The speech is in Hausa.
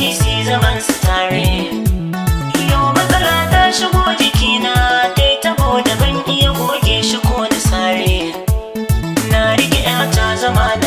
sisi zaman su tare yau matsala ta shigo jikina ta yi tabo da ban iya goge shi ko da sare na rike ta zama